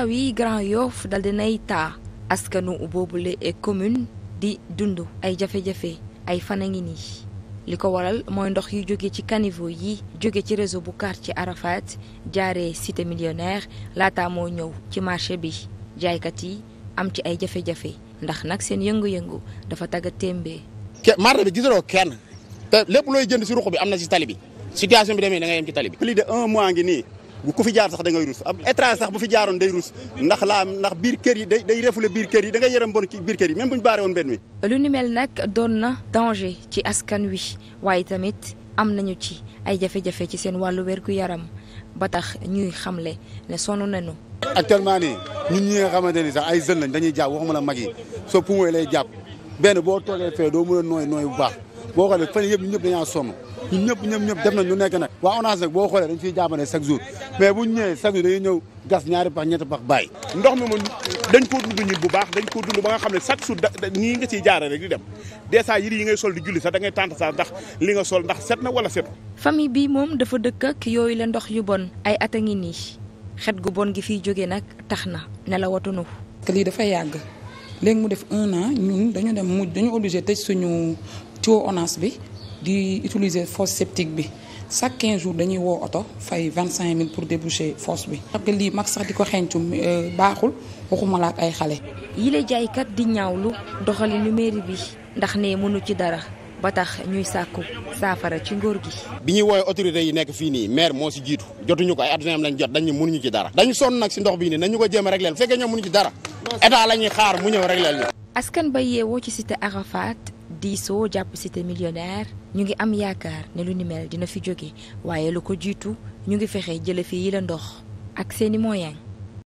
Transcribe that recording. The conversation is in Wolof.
taw yi Grand Yoff dal dinay taa le boobule e commune di dund ay jafe-jafe ay fan a ngi nii li ko waral mooy ndox yi jóge ci caniveau yi jóge ci réseau bu ci Arafat jaaree cité millionnaire laata moo ñëw ci marché bi jaaykat yi am ci ay jafe-jafe ndax nag seen yëngu-yëngu dafa tagga témbee marché bi gisaloo kenn te lépp looy jënd si ruq bi am na si tali bi situation bi demee da ngay ci tali bi plus de un mois ngi nii bu ku fi jaar sax da ngay rus am sax bu fi jaaroon day rus ndax laa ndax biir kër yi day day refule biir kër yi da ngay yërëm bon ci biir kër yi même ñu baaree woon benn mi. lu ni mel nag doon na danger ci askan wi waaye tamit am nañu ci ay jafe-jafe ci seen wàllu wérgu yaram ba tax ñuy xamle ne sonn nañu. actuellement nii ñu ñi nga sax ay jeunes lañ dañuy jàpp waxuma la mag yi soo poumon lay jàpp benn boo toolee fee doo mën a nooy nooy bu baax. boo xoolee fan yëpp ñun ñëpp dañaa xoolee dañ fiy jàppale chaque jour mais bu baax dañ koo dund ba nga xam ne chaque jour nii nga ciy jaare rek di dem des fois yiri yi ngay sol di julli sax da ngay tànt sax ndax li nga sol ndax set na wala set famille bi moom dafa dëkk ak yooyu la ndox yu bon ay at a ngi nii xet gu bon gi fiy jóge nag tax na ne la watunu lii dafa yàgg léegi mu def un an ñun dañu dem mujj dañu obligé tëj suñu tuyau ONAS bi di utiliser fosse septique bi chaque 15 jours dañuy woo oto fay cinq mille pour déboucher fosse bi. xam nga lii mag sax di ko xeeñtu euh, baaxul waxumala ak ay xale. yile jaaykat di ñaawlu doxali numéro bi ndax ne mënu ci dara. ba tax ñuy sàkku saafara ci ngóor gi. bi ñuy woowee autorités yi nekk fii nii maire moo si jiitu jotuñu ko ay adjoint am lañ jot dañu mënuñu ci dara. dañu sonn nag si ndox bii nii nañu ko jéem a réglé bu fekkee ñoom mënuñu ci dara état la ñuy xaar mu ñëw réglé ba yeewoo ci cité Arafat diisoo jàpp cité millionnaire ñu ngi am yaakaar ne lu ni mel dina fi jóge waaye lu ko jiitu ñu ngi fexe jële fi yi la ndox ak seeni moyen